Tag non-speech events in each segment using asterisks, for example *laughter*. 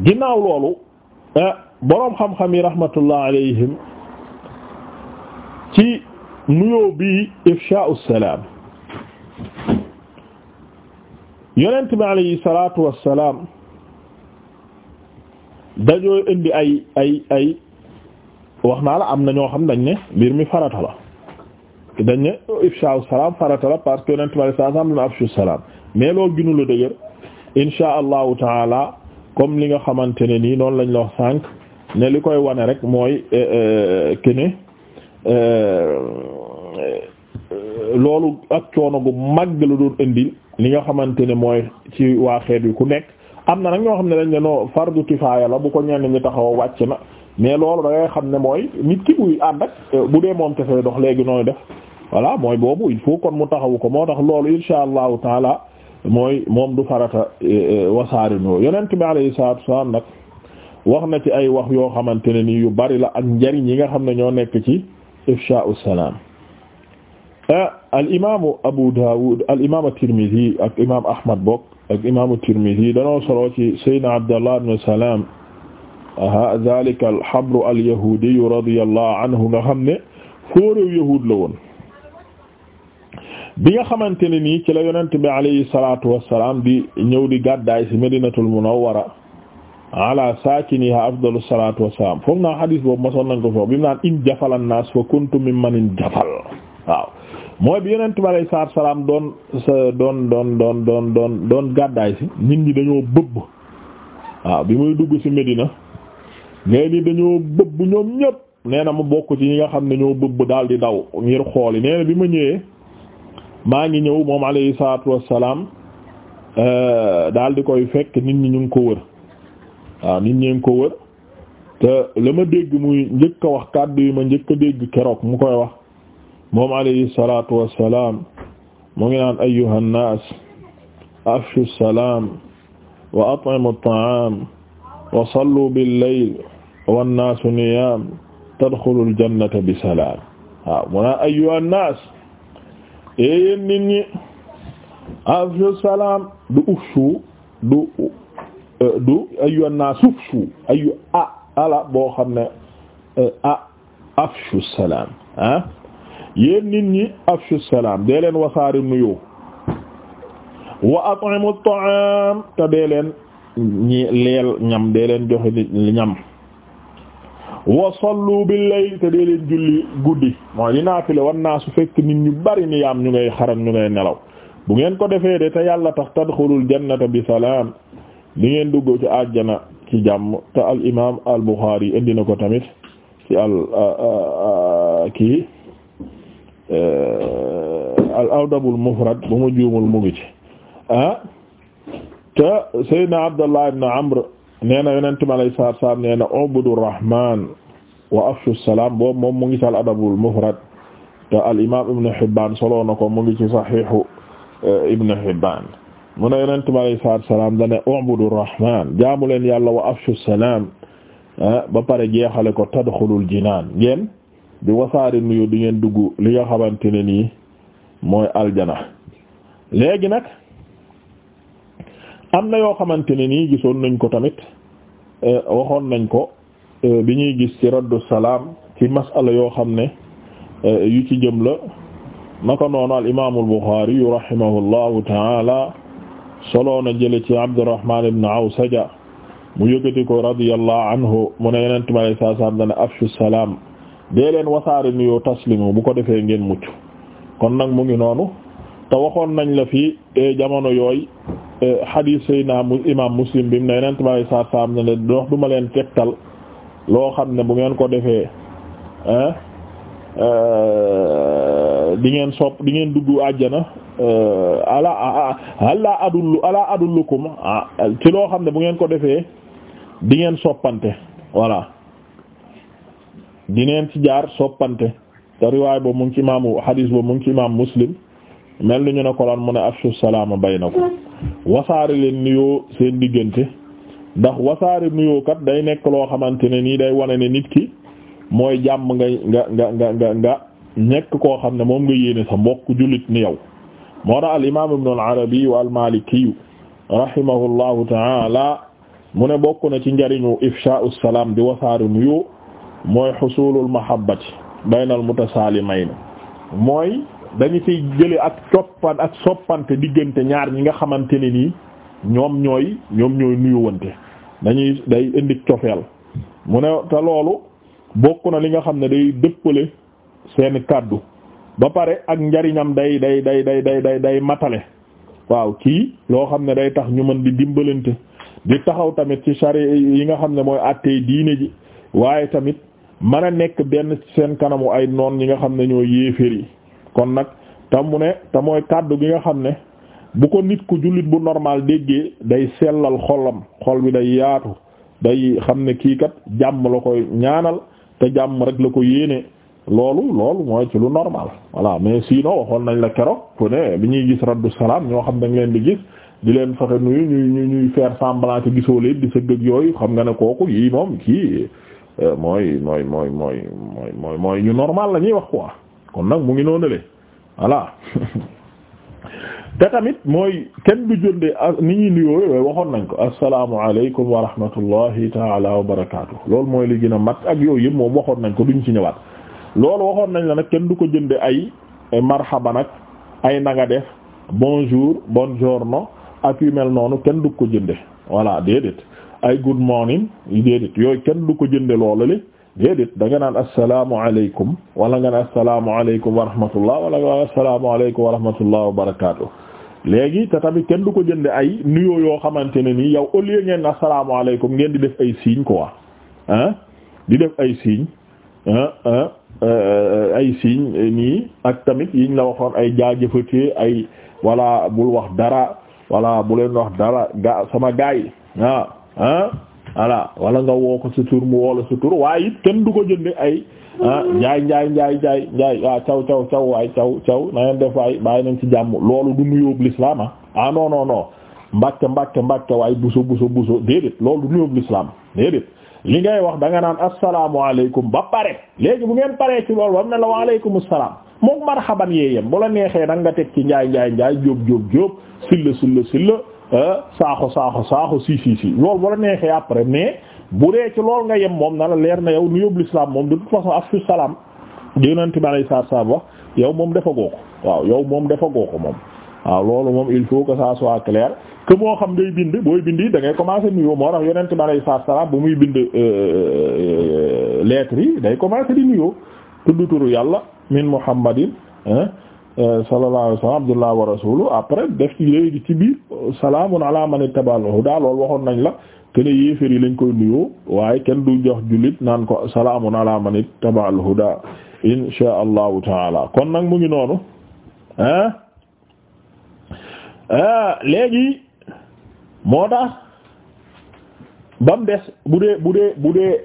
ginnaaw loolu eh, boroom xam-xam yi rahmatullah alayhim ci nuyoo bi ifsha'u salaam yonent bi alayhi salaatu wassalaam dañoo indi ay ay ay wax naa am na ñoo xam dañ ne mbir mi farata la ifsha'u salaam farata la parce que yonent bi alayhi salaam am na afshu salaam mais loolu taala comme li nga xamante ne nii noonu lañ la wax sànq ne li koy wane rek mooy kene eh, eh, eh, loolu ak coono gu mag la doon indi li nga xamante ne mooy ci waa xeet wi ku nekk am na nag ñoo xam ne dañ ne noo fardu kifaaya la bu ko ñenn ñi taxaw wàcc na mais loolu da ngay xam ne mooy nit ki buy ànd ak bu dee moom kese dox léegi nooy def voilà mooy boobu il kon mu taxawu ko moo tax loolu insha allahu taala mooy moom du farata e, e, wasaare ñoo yonent bi alayhi salaatu wassalaam nag wax na ci ay wax yoo xamante ne nii yu bari la ak njariñ yi nga xam ne ñoo nekk ci ifsha'u salaam al imaamu Abu Dawud al imaamu Tirmidhi ak imaamu Ahmad bokk ak imaamu Tirmidhi danoo solo ci Sayyidina Abdallah ibn Salaam zaalika al-habru al-yahuudi radiyallahu anhu nga xam ne fóorew yahuud la bi nga xamante ne nii ci la yonent bi alayhi salaatu wassalaam di ñëw di gàddaay ci Madinatul Munawwara ala saakiniha afdalu salaatu wassalaam foog naa xadiis boobu mosoon nañ ko foofu bi mu naan in jafala an-naas fa kuntu doon doon doon doon doon doon doon gàddaay nit ñi dañoo bëbb bi muy dugg ci Medina ngay ni dañoo bëbb ñoom ñépp nee na mu bokk ci ñi nga xam ne ñoo bëbb daal di daw ngir xool yi bi ma ñëwee maa ngi ñëw moom alayhi salaatu wassalaam euh, daal di koy fekk nit ñi ñu ngi ko wër waaw nit ñi ngi ko wër te la ma dégg muy njëkk a wax kàddu yi ma njëkk a dégg keroog mu koy wax moom alayhi salaatu wassalaam mu ngi naan ayyuhan naas afshu salaam wa at'imu ta'aam wa sallu bil layl wan naasu niyaam tadxulul jannata bi salaam waaw mu naan ayyuhan naas yéen nit ñi afshu salaam du ufshu du euh, du ayu annaas ufshu ayu a ala boo xam ne euh, a afshu salaam ah yéen nit ñi afshu salaam dee leen wasaari nuyoo wa at'imu at'am te dee leen ñi leel ñam dee leen joxe ñam wa sallu bil te dee leen julli guddi mooy li naafile wan naa su fekk nit ñu bari ni yaam ñu ngay xaram ñu ngay nelaw bu ngeen ko defee de te yàlla tax tadxulul jannata bi salaam li ngeen dugg ci àjjana ci jàmm te al imaam al buxaari indi na ko tamit ci al kii e, al mufrad bu mu juumul mu ngi ci ah te Seydina Abdallah ibn Amr nee na yonentu mi alayhi salaatu salaam nee na ubudu rahmaan wa afshu salaam boobu moom mu ngi ci al adabul mufrad te al Ibn Hibbaan solo ko mu ngi ci saxiixu eh, Ibn Hibbaan mu ne yonentu mi alayhi salaam da ne rahmaan jaamu yàlla wa afshu salaam eh, ba pare jeexale ko tadxulul jinaan ngeen di wasaari nuyu di ngeen dugg li nga xamante ne nii mooy aljana léegi nag. am na yoo xamante ne nii gisoon nañ ko tamit eh, waxoon nañ ko eh, bi ñuy gis ci raddu salaam ci masala yoo xam ne eh, yu ci jëm la naka noonu al imaamu al Buxaari yu rahimahullahu taala solo jële ci Abdurrahman ibn Awsaja mu yëkkati ko radiyallahu anhu mu ne yeneen mi alay saa salaam dana afshu salaam dee leen wasaari nuyoo taslimu bu ko defee ngeen mucc kon nag mu ngi noonu te waxoon nañ la fi jamono yooy hadith sayna imam muslim bi mu ne yeneen tubaab yi saa saa am na ne dox du ma leen tegtal loo xam ne bu ngeen ko defee euh, di ngeen sopp di dugg àjjana euh, ala ala adullu ala ah, loo xam ne bu ngeen ko defee di ngeen soppante voilà di ngeen ci jaar soppante te riwaay boobu mu ngi ci imaamu hadith boobu mu ngi ci imam muslim. mel ni ñu ne ko lan mu ne afshu salaama baynakum wasaare leen nuyoo seen diggante ndax wasaare nuyoo kat day nekk loo xamante ne nii day wane ne nit ki mooy jàmm nga nekk koo xam ne moom nga yéene sa mbokk julit ni yow moo tax al imaam ibnu al arabi wa al maliki rahimahullahu taala mu ne bokk na ci njariñu ifshaa'u salaam di wasaare nuyoo mooy xusulul mahabbati baynal mutasaalimayn mooy dañu ciy jële ak coppan ak soppante diggante ñaar ñi nga xamante ne nii ñoom ñooy ñoom ñooy nuyuwante dañuy day indi cofeel mu ne te loolu bokk na li nga xam ne day dëppale seen kàddu ba pare ak njariñam day day day day day day day matale waaw kii loo xam ne day tax ñu mën di dimbalante di taxaw tamit ci chari yi nga xam ne mooy àttee diine ji waaye tamit mën a nekk benn seen kanamu ay noon ñi nga xam ne ñoo yéeféer yi kon nag tamu ne te mooy kàddu gi nga xam ne bu ko nit ku jullit bu normal déggee day sellal xolam xol bi day yaatu day xam ne kii kat jàmm la koy ñaanal te jàmm rek la ko yéene loolu loolu mooy ci lu normal voilà mais sinon waxoon nañ la keroog ku bi ñuy gis raddu salaam ñoo xam dañ leen di gis di leen fexe nuyu ñuy ñuy ñuy faire gisoo leen di sëgg yooyu xam nga ne kooku yii moom kii euh, mooy mooy mooy mooy mooy mooy ñu normal la ñuy wax quoi. kon nag mu ngi noonu le voilà te tamit mooy kenn du jëndee ni ñuy nuyoo waxoon nañ ko assalaamu alaykum wa rahmatullahi taala wa barakaatu loolu mooy li gën a mat ak yooyu yëpp moom waxoon nañ ko duñ ci ñëwaat loolu waxoon nañ la nag kenn du ko jënde ay marhaban ak ay naga def bonjour buongiorno ak yu mel noonu kenn du ko jënde voilà déedéet ay good morning déedéet yooyu kenn du ko jënde loolu li déedéet da nga naan asalaamualeykum wala nga naan asalaamualeykum wa rahmatullah wala nga naan asalaamualeykum wa rahmatullah wa léegi te tamit kenn du ko jënde ay nuyoo yoo xamante ne nii yow au lieu ngeen asalaamualeykum ngeen di def ay signes quoi ah di def ay siiñ ah ah ay signes euh, nii ak tamit yiñ la waxoon ay jaajëfatee ay wala bul wax dara wala bu leen wax dara ga sama gaay ah voilà wala nga woo ko si tur mu woola si sa tur waaye it kenn du ko jënde ay ah njaay njaay njaay njaay waa ah, caw caw caw waay caw caw na ngeen def waay bàyyi nañ ci jàmm loolu du nuyóob l'islam ah ah non non non mbàkke mbàkke mbàkke waay buso buso buso déedéet loolu du nuyóob l'islam déedéet li ngay wax da nga naan asalaamaaleykum ba pare léegi bu ngeen pare ci loolu bam ne la waaleykum salaam moom marhaban yeeyam bu la neexee nag nga teg ci njaay njaay njaay jóob jóob jóob silla silla silla saaxo euh, saaxo saaxo si si si loolu bu la neexee après mais bu dee ci loolu nga yem moom na la leer na yow nu yóbbu l'islam moom de toute façon afsu salaam yonente bi alay saatu salaam wax yow moom dafa ko waaw yow moom dafa goo ko moom waaw loolu moom il faut que ça soit clair que moo xam ngay bind booy bind da ngay commencer niyo moo tax yonente bi alay saatu salaam bu muy bind euh, euh, lettres yi day commencer di nuyoo tudd yàlla min muhammadin Euh, sallallahu alayhi wa sallam abdullah wa rasuluhu après def ci léegi ci man ittaba'al huda waxoon nañ la kene yéefér yi lañ koy nuyoo waaye kenn du jox jullit naan ko salaamun ala man ittaba'al huda insha allahu taala kon nag mu ngi noonu ah léegi moo tax ba des bu dee bu dee bu dee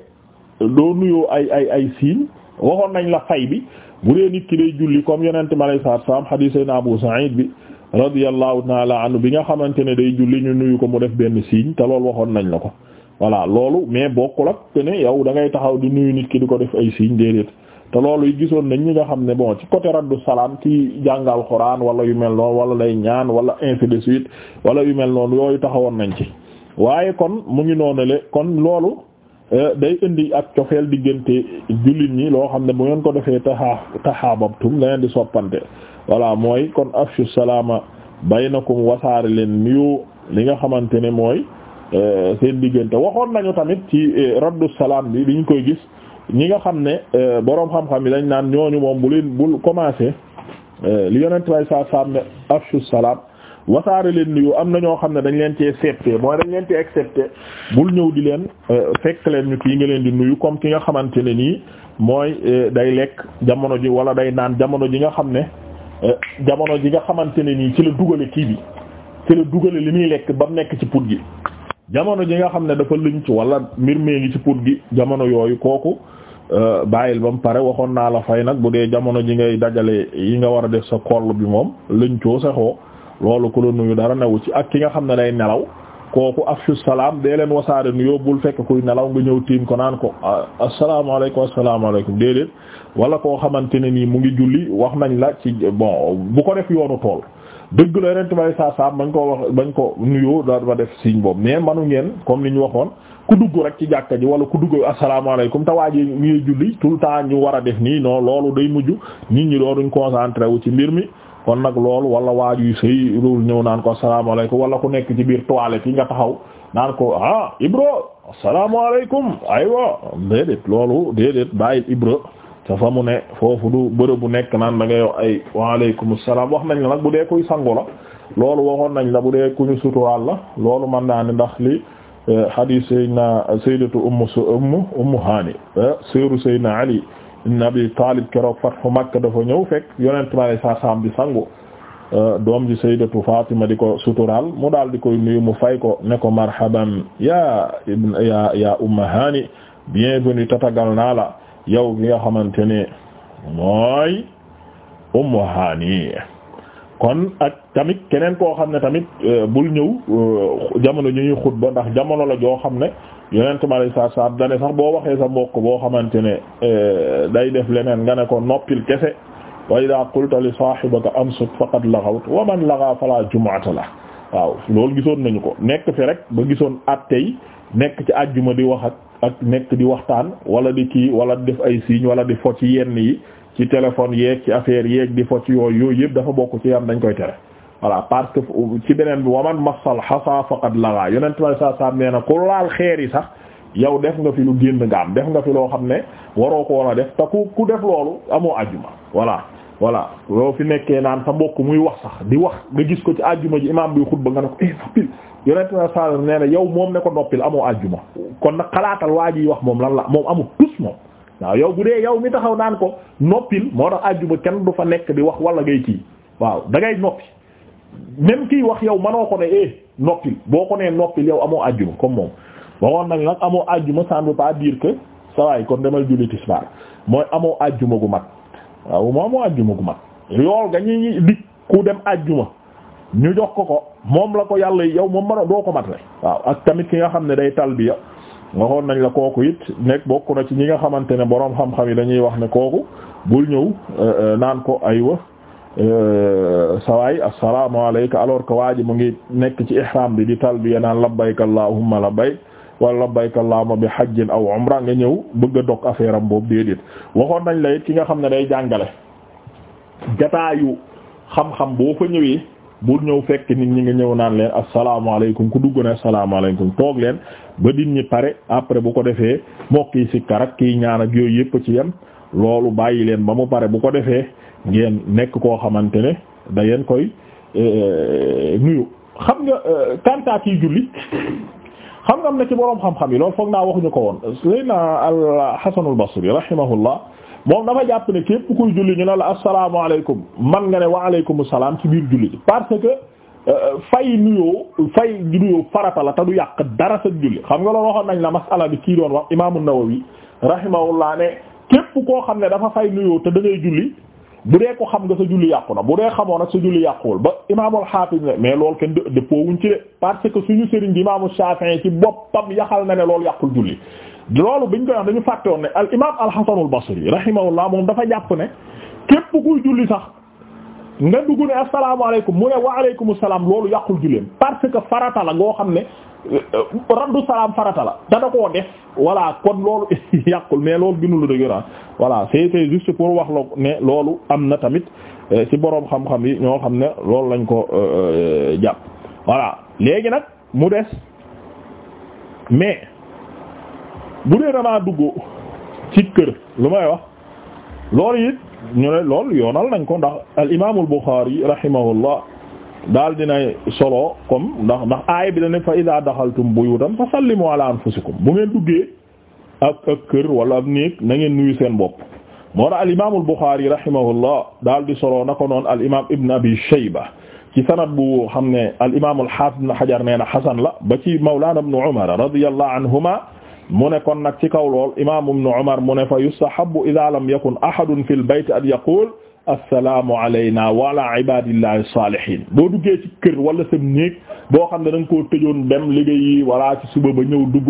doo nuyoo ay ay ay siin waxoon nañ la fay bi bu dee nit ki day julli comme yonente mi alayhi salaatu salaam hadiis sayna Abu Sa'id bi radiyallahu ta'ala anhu bi nga xamante ne day julli ñu nuyu ko mu def benn signe te loolu waxoon nañ la ko voilà loolu mais bokkul ak te ne yow da ngay taxaw di nuyu nit ki di ko def ay signe déedéet te loolu yi gisoon nañ ñi nga xam ne bon ci côté raddu salaam ci jàngal xuraan wala yu mel noonu wala lay ñaan wala ainsi de suite wala yu mel noonu yooyu taxawoon nañ ci waa kon mu ngi noonale kon loolu Euh, day indi ak cofeel diggante jullit ñi loo xam ne bu ngeen ko defee taxa taxaababtum da ngeen di soppante voilà mooy kon afshu salaama baynakum wasaare leen nuyu li nga xamante ne mooy euh, seen diggante waxoon nañu tamit ci euh, raddu salaam bi li ñu koy gis ñi nga xam ne boroom xam-xam yi lañ naan ñooñu moom bu leen bul commencé li yonent way saa ne afshu salaam wasaare leen nuyoo am na ñoo xam ne dañ leen ci accepté mooy dañ leen ci accepté bul ñëw di leen euh, fekk leen ñu kii nga leen di nuyu comme ki nga xamante ne nii mooy euh, day lekk jamono ji wala day naan jamono ji nga xam ne euh, jamono ji nga xamante ne nii ci la dugale kii bi la dugale li muy lekk ba mu nekk ci put gi jamono ji nga xam ne dafa lëñ ci wala mbir mee ngi ci put gi jamono yooyu kooku bàyyil ba mu pare waxoon naa la fay nag bu dee jamono ji ngay dajale yi nga war a def sa kol bi moom lëñ coo saxoo loolu ku la nuyu dara newu ci ak ki nga xam ne day nelaw kooku afshu salaam dee leen wasaare nuyoo bul fekk kuy nelaw nga ñëw tiim ko naan ko asalaamaaleykum asalaamaaleykum déedéet wala koo xamante ne nii mu ngi julli wax nañ la ci bon bu ko def yoonu tool dëgg la yeneen tubaab saa saa bañ koo wax bañ ko nuyoo dafa def signe boobu mais manu ngeen comme ni ñu waxoon ku dugg rek ci jàkka ji wala ku dugg asalaamaaleykum te waa ji ñuy julli tout le temps ñu war a def nii non loolu day mujj nit ñi doonuñ concentré wu ci mbir mi. kon nag loolu wala waajuy sëy rool ñëw naan ko asalaamaaleykum wala ku nekk ci biir toilette yi nga taxaw naan ko ah Ibro asalaamaaleykum aywa déedéet loolu déedéet bàyyil Ibro ca mu ne foofu du bërëb bu nekk naan da nga yow ay waaleykum salaam wax nañ la nag bu dee kuy sangu la loolu waxoon nañ la bu dee ku ñu suturaal la loolu man naa ne ndax li eh, hadith Seydina Sayyidatu Ummu Ummu Ummu Hani eh, seeru Seydina Ali ibn Abi Talib keroog fathu Makka dafa ñëw fekk yonent ma lay sa saam bi sangu euh, doom ji sayyidatu Fatima di ko suturaal mu daal di koy nuyu mu fay ko ne ko marhaban ya ibn ya ya umma tatagal naa la yow bi nga xamante ne mooy ummu hani kon ak tamit keneen koo xam ne tamit euh, bul ñëw euh, jamono ñu ñuy xutba ndax jamono la joo xam ne yeneen tamit saa saa dane sax boo waxee sa mbokk boo xamante ne euh, day def leneen nga ne ko noppil kese wa idaa qulta li saahibika ansut faqad laghawt wa man lagha falaa jumu'ata la waaw loolu gisoon nañu ko nekk fi rek ba gisoon attey nekk ci àjjuma di wax ak ak nekk di waxtaan wala di kii wala di def ay signes wala di fo ci yenn yi. ci téléphone yéeg ci affaire yeeg di fo ci yooyu yooyu yëpp dafa bokk ci yam dañ koy tere voilà parce que ci beneen bi waman masal xasa faqad laga yonent may sa sam na ku laal xeer yi sax yow def nga fi lu génn nga am def nga fi loo xam ne waroo ko woon a def te ku ku def loolu amoo ajjuma voilà voilà loo fi nekkee naan sa mbokk muy wax sax di wax nga gis ko ci àjjuma ji imam bi xutba nga ne ko eh, noppil yonent may sa nee na yow moom ne ko noppil amoo ajjuma kon nag xalaatal waa ji wax moom lan la moom amul waaw yow bu dee yow mi taxaw naan ko noppil moo tax àjjuma kenn du fa nekk di wax wala ngay kii waaw da ngay noppi même kii wax yow manoo ko ne eh noppil boo ko nee noppil yow amoo àjjuma comme moom waxoon nañ nag amoo àjjuma ça ne veut pas dire que sa kon demal julli tisbaar mooy amoo àjjuma gu mat waaw moo amoo àjjuma gu mat yool ga ñuy dig ku dem àjjuma ñu jox ko ko moom la ko yàlla yow moom mën doo ko mat le waaw ak tamit ki nga xam ne day talbiya waxoon nañ la kooku it nekk bokk na ci ñi nga xamante ne boroom xam-xam yi dañuy wax ne kooku bul ñëw euh, euh, naan ko ay aywa euh, sawaay assalaamu alayka alors que waa ji mu ngi nekk ci ihram bi di talbiya naan labbayka allahumma labbayk wala labbayka allahumma bi hajjin aw umra nga ñëw bëgga a dog affaire am boobu déedéet waxoon nañ la ki nga xam ne day jàngale jataayu xam-xam boo fa ñëwee bul ñëw fekk nit ñi ngi ñëw naan leen asalaamaaleykum ku dugg ne asalaamaaleykum toog leen ba nit ñi pare après bu ko defee mokk yi si karak kii ñaan ak yooyu yëpp ci yem loolu bàyyi leen ba mu pare bu ko defee ngeen nekk koo xamante ne da ngeen koy eh, nuyu. xam nga eh, kantaa kii julli xam nga am na ci boroom xam-xam yi loolu foog naa waxuñu ko woon Seydina al Hasanul Basri rahimahullah moom dafa jàpp ne képp kuy julli ñu ne la asalaamaaleykum man nga ne waaleykum salaam ci biir julli parce que euh, fay nuyoo fay nuyoo farata la te du yàq dara sa julli xam nga loolu waxoon nañ la masala bi kii doon wax imaamu Nawawi rahimahullah ne képp koo xam ne dafa fay nuyoo te da ngay julli bu dee ko xam nga sa julli yàqu na bu dee xamoo nag sa julli yàquwul ba imaamul xaafis ne mais loolu kenn dëppoowuñ ci de parce que suñu sëriñ bi imaamu Shafi'i ci boppam yaxal na ne loolu yàqul julli loolu biñ koy wax dañu fàtte woon ne al imaam al hasanul basri rahimahullah moom dafa jàpp ne képp kuy julli sax nga dugg ne asalaamaaleykum mu ne wa aleykum salaam parce que farata la ngoo xam ne euh, raddu salaam farata la dana koo def voilà kon loolu *laughs* yàqul mais loolu gënu lu dëgg ah voilà c'était juste pour wax la ne loolu am na tamit euh, ci boroom xam-xam yi ñoo xam ne loolu lañ ko euh, jàpp voilà léegi nag mu des mais. bu dee damaa dugg ci kër lu may wax loolu it ñu ne loolu yoonal nañ ko ndax al imaamul Buxaari rahimahullah daal dinay solo comme ndax ndax aaya bi dane fa idaa daxaltum buyutan fa sallimu ala anfusikum bu ngeen duggee ak ak kër wala ab néeg na ngeen nuyu seen bopp moo tax al imaamul Buxaari rahimahullah daal di solo na ko noon al imaam Ibn Abi Shayba ci sanad bu xam ne al imaamul Haafiz Ibn Hajar nee na xasan la ba ci mawlaana Ibn Umar radiyallahu anhuma mu ne kon nag ci kaw lool imaam ibnu Umar mu ne fa yustahabbu idha lam yakun ahadun fil bayt an yaqul assalaamu alayna wa ala ibadillahi salihin boo duggee ci kër wala sa boo xam ne da nga koo tëjoon dem liggéeyi ci suba ba ñëw dugg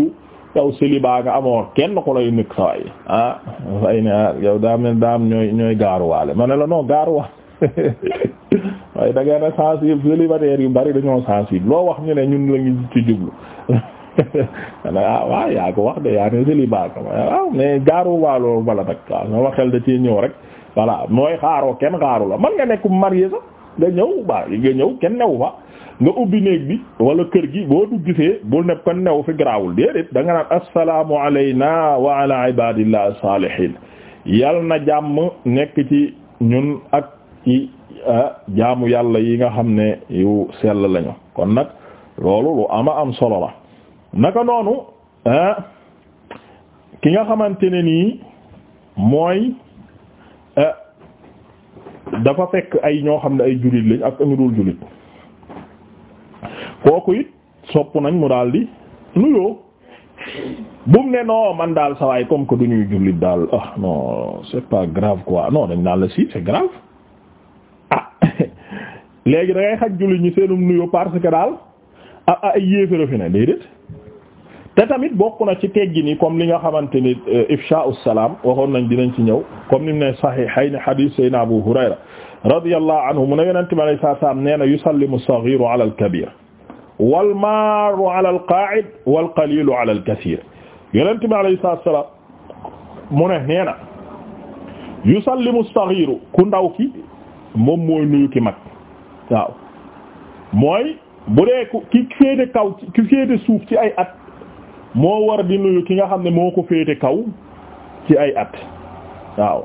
yow célibat nga amoon kenn ko lay nekk saway ah fay yow daam ne daam ñooy ñooy gaaruwaale ma ne la non gaaruwaale *laughs* waaye da ngeen a sensible célibataires yu bari dañoo sensible loo wax ñu ne ñun la ci jublu *laughs* ah waaw yaa ko wax de yaa ne jëli baax waaw mais jaarul waa loolu bala sama xel da cee ñëw rek voilà mooy xaaroo kenn xaaru la man nga nekk marié sax nga ñëw ba ñëw kenn newu fa. nga ubbi néeg bi wala kër gi boo du gisee bul nepp ko new fi garaawul déedéet da nga naan assalaamu alayna wa ala ibadillah salihin yal na jàmm nekk ci ñun ak ci jaamu yàlla yi nga xam ne yu sell lañu kon nag loolu lu ama am solo la naka noonu ah, ki nga xamante ne nii mooy ah, dafa fekk ay ñoo xam ne ay jullit lañ ak ñu dul jullit kooku it sopp nañ mu daal di nuyoo bu mu ne non man daal sawaay comme que du ñuy jullit daal ah non c'est pas grave quoi non dañ naan la si c'est grave ah *laughs* léegi da xaj jullit ñi seenum nuyoo parce que daal ah, ah ay yéefara fi ne déedéet te tamit bokk na ci teggi ni comme li nga xamante ni euh, ifsha'u salaam waxoon nañ dinañ ci ñëw comme ni mu ne sahihayn hadith sayna Abu Hurayra radiyallahu anhu mu ne yonente bi alayhi salaatu salaam nee na yusallimu as-saghiru ala al-kabir wal maaru ala al-qaa'id wal qaliilu ala al-kasiir yonente bi alayhi salaatu salaam mu ne nee na yusallimu as-saghiru ku ndaw ki moom mooy nuyu ki mag waaw mooy bu dee ku ki féete kaw ki féete suuf ci ay at moo war di nuyu ki nga xam ne moo ko féete kaw ci ay at waaw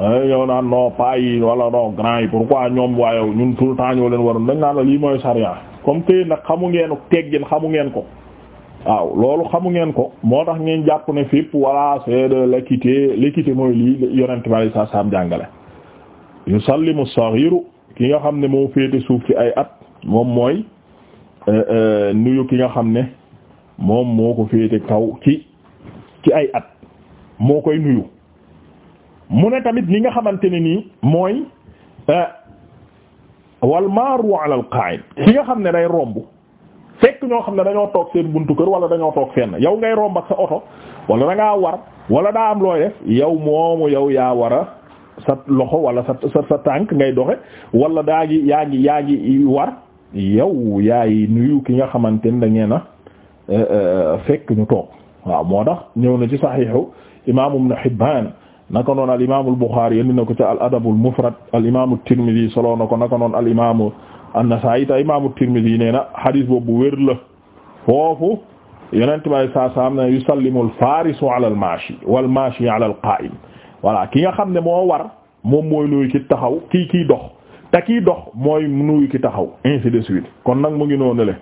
eh, yow naan non pas yi wala non grand yi pourquoi ñoom waaye ñun tout le temps leen waroon dañ naan la lii mooy sariya comme que nag xamu ngeen teggin xamu ngeen ko waaw loolu xamu ngeen ko moo tax ngeen jàpp ne fépp voilà c'est de l'équité l'équité mooy lii yonent bi saa saam jàngale. yu sallimu saghiru ki nga xam ne moo féete suuf ci ay at moom mooy eh, eh, nuyu ki nga xam ne. moom moo ko féete kaw ci ci ay at moo koy nuyu mu ne tamit li nga xamante ne nii mooy eh, wal maaru ala al qa'id ki nga xam ne day romb fekk ñoo xam ne dañoo toog seen buntu kër wala dañoo toog seen na yow ngay romb ak sa oto wala da war wala daa am looy def yow moomu yow yaa war a sa loxo wala sa sa tànk ngay doxe walla daa ngi yaa ngi yaa ngi war yow yaay nuyu ki nga xamante ne da ngeen a Euh, euh, euh, fekk ñu toog waaw moo tax ñëw na ci saxiixu imaamu ibn Hibbaan naka noonu al imaamu al Buxaari indi na ko ci al adabul mufrad al imaamu Tirmidi solo na ko naka noonu al imaamu an-Nasaa'i te imaamu Tirmidi nee na xadis boobu wér la foofu yonent bay saa saam ne yusallimu al faarisu ala al maashi wal maashi ala al qaa'im voilà ki nga xam ne moo war moom mooy nuyu ki taxaw kii kii dox te kii dox mooy nuyu ki taxaw ainsi de suite kon nag mu ngi noonu le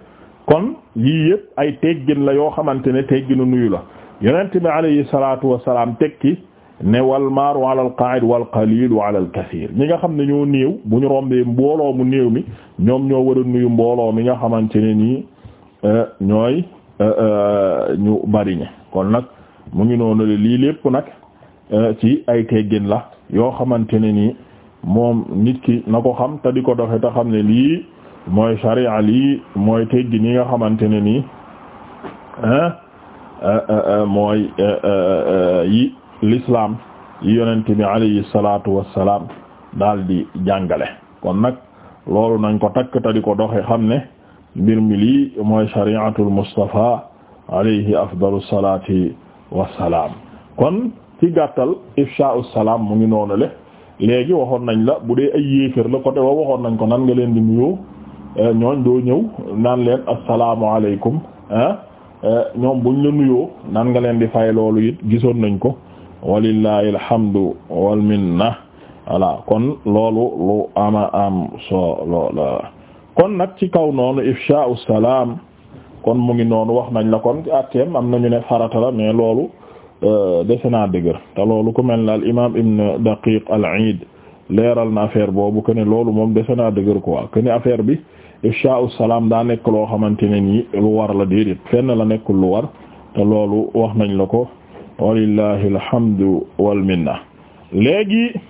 kon lii yëpp ay teggin la yoo xamante ne tegginu nuyu la yonent bi alayhi salaatu wassalaam tekki ne wal maaru ala al qaa'id wal ala al ñi nga xam ne ñoo néew bu ñu rombee mbooloo mu néew mi ñoom ñoo war a nuyu mbooloo mi nga xamante ne nii euh, ñooy euh, euh, ñu bari ñi kon nag mu ngi noonu le lii lépp nag ci ay teggin la yoo xamante ne nii moom nit ki na ko xam te di ko doxe te xam ne lii mooy sharia lii mooy teggi ni nga xamante ne nii euh, euh, euh, mooy yi l'islam yi yonente bi alayhi salatu wassalam daal di jàngale kon nag loolu nañ ko takk ta ko doxe xam ne mbir mi lii mooy shari'atul Mustafa alayhi afdalu salati wassalaam kon ci gàttal ifsha'us salaam mu ngi noonule léegi waxoon nañ la bu dee ay yéefér la côté wa waxoon nañ ko nan nga leen di nuyoo Euh, ñooñ doo ñëw naan leen asalaamaaleykum ah ñoom buñ la nuyoo naan nga leen di fay loolu it gisoon nañ ko walillahi alhamdu wal minna voilà kon loolu lu ama am solo la kon nag ci kaw noonu ifsha'u salaam kon mu ngi noonu wax nañ la kon ci am nañu ne farata la mais loolu euh, dese naa dëgër te loolu ku mel ne al imaam ibn daqiq al iid leeral na affaire boobu que ne loolu moom dese naa dëgër quoi que ne affaire bi ifshaa'u salaam daa nekk loo xamante ne nii lu war la déedéet fenn la nekkul lu war te loolu wax nañ la ko walillahi alhamdu wal minna léegi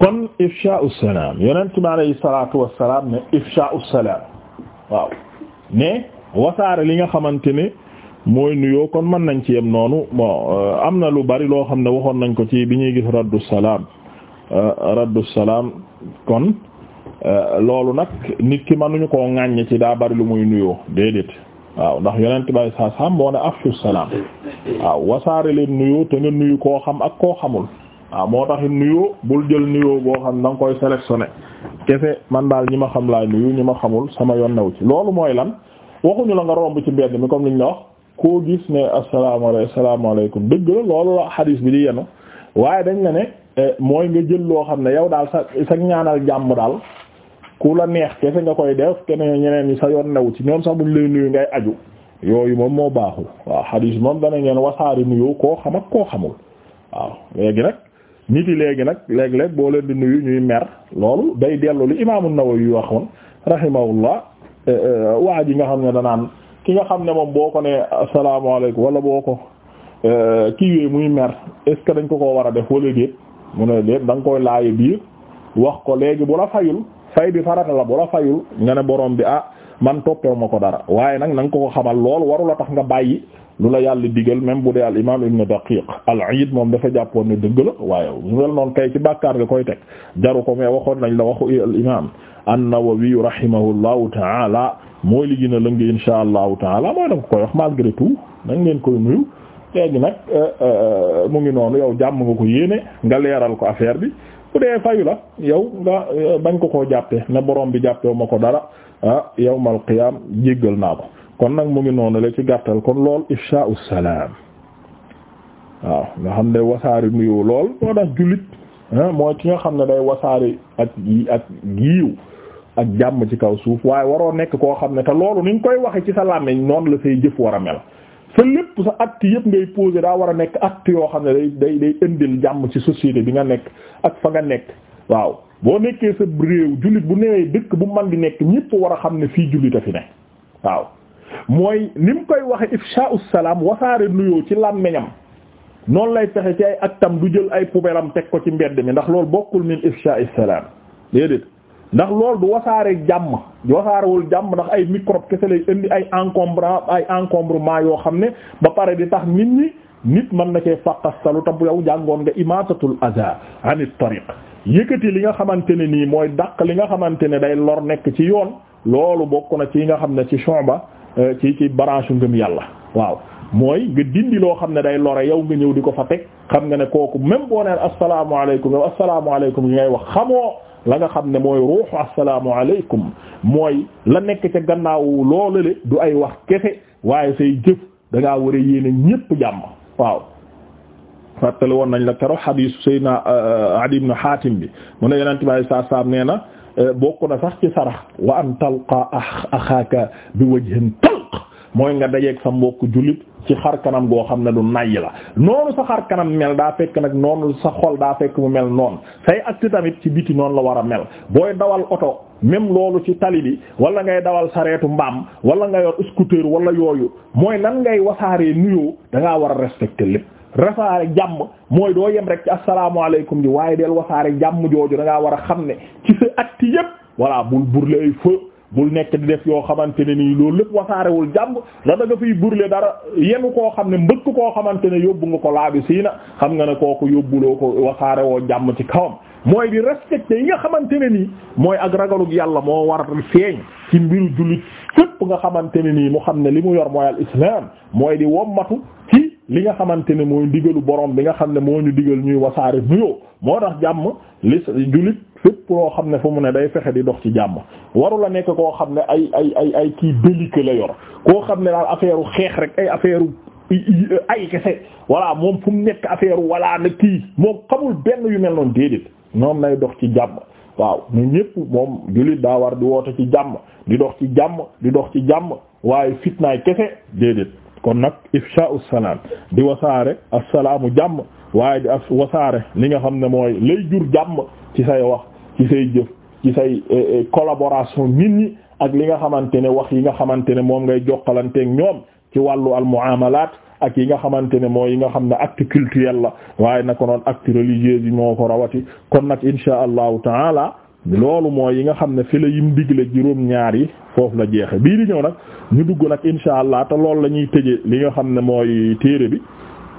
kon ifshaa'u salaam yonent bi alayhi salaatu wassalaam ne ifshaa'u salaam waaw ne wasaare li nga xamante ne mooy nuyoo kon mën nañ ci yem noonu euh, am na lu bari loo xam ne waxoon nañ ko ci bi ñuy gis raddu salaam euh, raddu salaam kon Euh, loolu nag nit ki mënuñu ko ŋàññ ci daa bari lu muy nuyoo déedéet waaw ndax yonent bay saa sam moo ne afshu salaam waaw wasaare leen nuyoo te nga nuyu koo xam ak koo xamul waaw moo taxit nuyoo bul jël nuyoo boo xam na nga koy sélectionné kese man daal ñi ma xam laay nuyu ñi ma xamul sama yoon new ci loolu mooy lan waxuñu la nga romb ci mbedd mi comme liñ la wax koo gis ne asalaamaaleykum asalaamaaleykum dëgg la loolu la xadiis bi di yenu waaye dañ la ne eh, mooy nga jël loo xam ne yow daal sa sa ñaanal jàmm daal ku la neex kese nga koy def keneen ñeneen yi sa yoon new ci ñoom sax buñ lay nuyu ngay aju yooyu moom moo baaxul waaw xadiis moom dana ngeen wasaari nuyoo koo xam ak koo xamul waaw léegi nag nit yi léegi nag léeg-léeg boo leen di nuyu ñuy mer loolu day dellu li imaamu Nawawi waxoon rahimahullah eh, eh, waa ji nga xam ne danaan ki nga xam ne moom boo ko ne asalaamaaleykum wala boo ko eh, kii yooyu muy mer est-ce que dañ ko ko war a def wala déet mu ne déet da nga wax ko léegi bu la fay bi farata la bu la fayul nga ne boroom bi ah man toppee ma ko dara waaye nag na ko ko xamal lool warula tax nga bàyyi lu la yàlla digal même bu dee al imaam ibn daqiq al iid moom dafa jàppoon ne dëgg la waaye ñu mel noonu kay ci bàkkaar koy teg jaru ko mais waxoon nañ la waxu al imaam an-Nawawi rahimahullahu taala mooy li gën a lëng insha allahu taala mooy danga koy wax malgré tout nang leen koy nuyu léegi nag euh, euh, mu ngi noonu yow jàmm nga ko yéene nga leeral ko affaire bi bu dee fayu la yow nga euh, bañ ko koo jàppee ne borom bi jàppee ko dara ah yawmal qiyaam jéggal naa ko kon nag mu ngi noonu la ci gàttal kon lool ifshaa'u salaam waaw nga xam ne wasaari nuyoo lool moo tax jullit ah, mooy ki nga xam ne day wasaari ak ak yiiw ak jàmm ci kaw suuf waaye waroo nekk koo xam ne te loolu ni ñu koy waxe ci sa làmmiñ noonu la say jëf war a mel te lépp sa acte yëpp ngay poser daa war a nekk acte yoo xam ne day day day indil jàmm ci société bi nga nekk ak fa nga nekk waaw boo nekkee sa réew jullit bu newee dëkk bu man di nekk ñëpp war a xam ne fii jullit a fi ne waaw mooy ni mu koy waxe ifsha'u salaam wasaare nuyoo ci làmmiñam noonu lay pexe ci ay actam du jël ay poubelle am teg ko ci mbedd mi ndax loolu bokkul min ifsha'u salaam déedéet ndax loolu du wasaare jàmm wasaarewul jàmm ndax ay microbe kese lay indi ay encombrant ay encombrement yoo xam ne ba pare di tax nit ñi nit mën na cee fàqastalu te bu yow jàngoon nga imatatul aza anit tariq yëkkati li nga xamante ne nii mooy dàq li nga xamante ne day lor nekk ci yoon loolu bokk na ci nga xam ne ci chomba euh, ci ci branche ngëm yàlla waaw mooy nga dindi loo xam ne day lore yow nga ñëw di ko fa teg xam nga ne kooku même boo neen asalaamaaleykum yow asalaamaaleykum yi ngay wax xamoo la nga xam ne mooy ruuxu assalaamu alaykum mooy la nekk ca gannaaw loolale du ay wax kese waaye say jëf da ngaa war ñépp jàmm waaw fàttali woon nañ la kero hadiisu Seydina euh, Adi ibn Haatim bi mu ne yenente bi alei saatu salaam nee na euh, bokk na sax ci sarax wa an talqa axaaka bi wajhin talq mooy nga dajeeg sa mbokk jullit ci xar kanam goo xam ne du nay la noonu sa xar kanam mel daa fekk nag noonu sa xol daa fekk mu mel noon say acte tamit ci biti noonu la war a mel booy dawal oto même loolu ci tali bi wala ngay dawal sareetu mbaam wala nga yor scooter wala yooyu mooy nan ngay wasaaree nuyoo da ngaa war a respecter lépp rafaare jàmm mooy doo yem rek ci asalaamaaleykum ji waaye del wasaare jàmm jooju da ngaa war a xam ne ci sa acte yépp voilà bul burle ay feu bul nekk di def yoo xamante ne nii loolu lépp wasaarewul jàmb la da nga fiy burle dara yenu koo xam ne mbëkk koo xamante ne yóbbu nga ko laabi siina xam nga ne kooku yóbbuloo ko wasaarewoo jàmm ci kawam mooy di respecté yi nga xamante ne nii mooy ak ragalug yàlla moo war feeñ ci mbiru julit képp nga xamante ne nii mu xam ne li mu yor mooy al islam mooy di wommatu kii li nga xamante ne mooy digalu borom bi nga xam ne moo ñu digal ñuy wasaare nuyoo moo tax jàmm li fépp loo xam ne fu mu ne day fexe di dox ci jàmm waru la nekk koo xam ne ay ay ay ay kii déliqué la yor koo xam ne daal affaire u xeex rek ay affaire ay kese voilà moom fu mu nekk affaire u walla na kii moom xamul benn yu mel noonu déedéet ñoom nay dox ci jàmm waaw ñu ñépp moom jullit daa war di woote ci jàmm di dox ci jàmm di dox ci jàmm waaye fitnaay kese déedéet kon nag ifsha'u salaam di wasaare assalaamu jàmm waaye di as wasaare li nga xam ne mooy lay jur jàmm ci say wax ci say jëf ci say eh, eh, collaboration nit ñi ak li nga xamante ne wax yi nga xamante ne moom ngay jokkalanteeg ñoom ci wàllu al muamalat ak yi nga xamante ne mooy yi nga xam ne acte culturel la waaye nako noon acte religieux yi moo ko rawati kon nag insha allahu taala loolu mooy yi nga xam ne fi la yim digle juróom ñaar yi foofu la jeexe bii di ñëw nag ñu dugg nag insha allah te loolu la ñuy tëje li nga xam ne mooy téere bi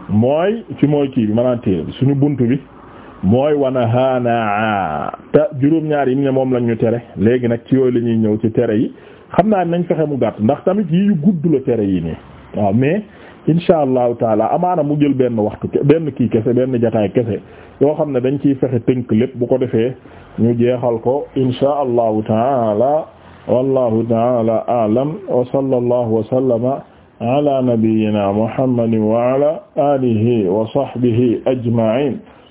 mooy ci mooy kii bi maanaam téere suñu bunt bi mooy wanahaanaa te juróom-ñaar yi ne moom lañ ñu tere léegi nag ci yooyu la ñuy ñëw ci tere yi xam naa nañ fexe mu gàtt ndax tamit yi yu gudd la tere yi nii waaw mais insha allahu taala amaana mu jël benn waxtu benn kii kese benn jataay kese yoo xam ne dañ ciy fexe tënk lépp bu ko defee ñu jeexal ko insha allahu taala wallahu taala aalam wa sallallahu wa sallama ala nabiyyina muhammadin wa alihi wa sahbihi ajma'in